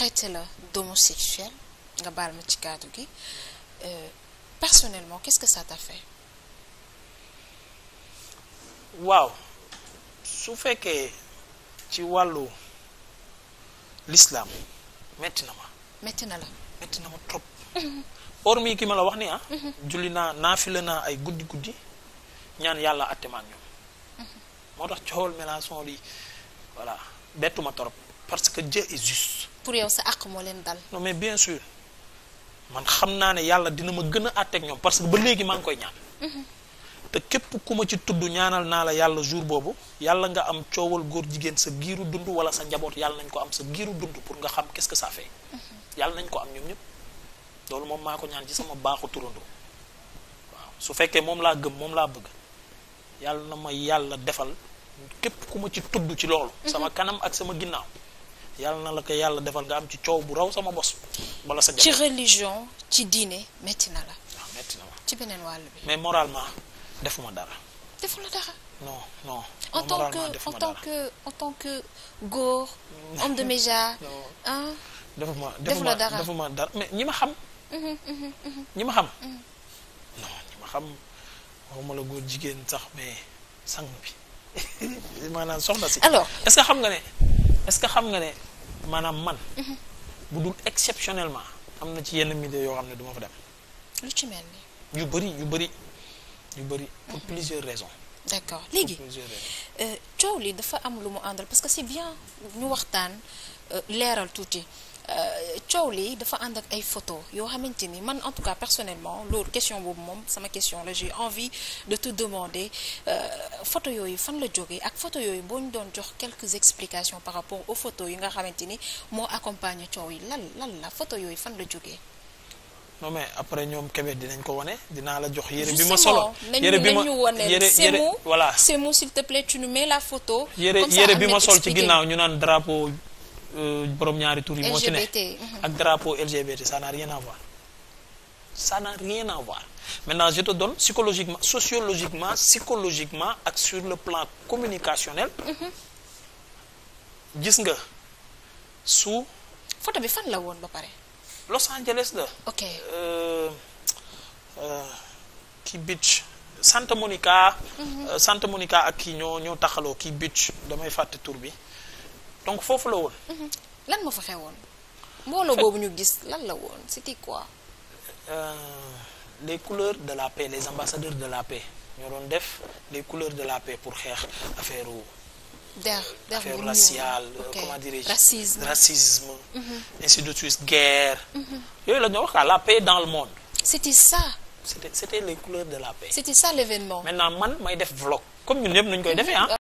traité la d'homosexuel nga baal ma ci kàddu gi euh, personnellement qu'est-ce que ça t'a fait waaw su fekkee ci wàllu lislaam metti na ma metti na la metti na ma trop hormis ki ma la wax ni ah julli naa naa file naa ay guddi guddi ñaan yàlla attemaat ñoom moo tax coowal Mélenchon li voilà bettuma trop parce que Dieu est juste pour yow sa àq moo leen dal. non mais bien sûr man xam naa ne yàlla dina ma gën a àtte ak ñoom parce que ba léegi maa ngi koy ñaan. Mhm. te képp ku ma ci tudd ñaanal naa la yàlla jour boobu yàlla nga am coowal góor jigéen sa giiru dund wala sa njaboot yàlla nañ ko am sa giiru dund pour nga xam qu'est-ce que mhm. yàlla nañ ko am ñoom ñëpp loolu moom maa ko ñaan ci sama baaxu turandoo waaw su fekkee moom laa gëm moom laa bëgg yàlla na ma yàlla defal képp ku ma ci tudd ci loolu. Mhm. sama kanam ak sama ginnaaw. yàlla na la ko yàlla defal nga am ci coow bu raw sama bos. wala sa ci religion ci diine métti na la. waaw ah, métti na ma ci beneen wàll bi. mais moralement defuma dara. defu la dara. non non en tant que en tant que en tant de média. ah defuma defuma defuma dara mais ñi ma xam. Mhm, mhm, mhm. ñi ma xam. non ñi ma xam waxuma la góor jigéen sax mais sang bi maanaam soxna si. alors est que xam nga ne est que xam nga ne. maanaam man. bu dul exceptionnellement am na ci yenn milieu yoo xam ne duma fa dem. lu ci mel ni. yu bëri yu bëri yu bëri pour plusieurs raisons. d'accord léegi euh, coow li dafa am lu mu àndal parce que c'est bien ñu waxtaan euh, leeral tuuti. coow lii dafa ànd ak ay photo yoo xamante ni man en tout cas personnellement loolu question boobu moom sama question la j'ai envie de te demander euh, photo yooyu fan la jógee ak photo yooyu boo ñu doon jox quelques explications par rapport aux photos yi nga xamante ni moo accompagne coow yi lan lan la photo yooyu fan la jógee non mais après ñoom Kébé dinañ ko wane dinaa la jox yére bi ma solo yére bi ma yére yére voilà c'est moi s'il te plaît la photo yére yére bi ma sol ci ginnaaw ñu naan drapeau Euh, borom ñaari tur yi moo mhm. ak drapeau LGBT saa n'a rien à voir ça n'a rien à voir maintenant je te donne psychologiquement sociologiquement ak sur le plan communicationnel mhm. gis nga su photo bi fan la woon ba pare Los Angeles la ok euh, euh, kii beach Santa Monica mhm. Santa Monica ak kii ñoo ñoo taxaloo kii beach damay fàtte tour bi donc foofu la woon. Mhm. lan moo fa xewoon. mbooloo boobu ñu gis lan la woon c'était quoi. Euh, les couleurs de la paix les ambassadeurs de la paix ñoo doon def les couleurs de la paix pour xeex affaire. der der euh, affaire raciale euh, comment dirais-je racisme racisme. Mhm. ainsi de suite guerre. Mhm. yooyu la ñu wax la paix dans le monde. c'était ça. c'était c'était les couleurs de la paix. c'était ça l'événement. maintenant man may def vlog comme ñun ñëpp nañu koy defee ah.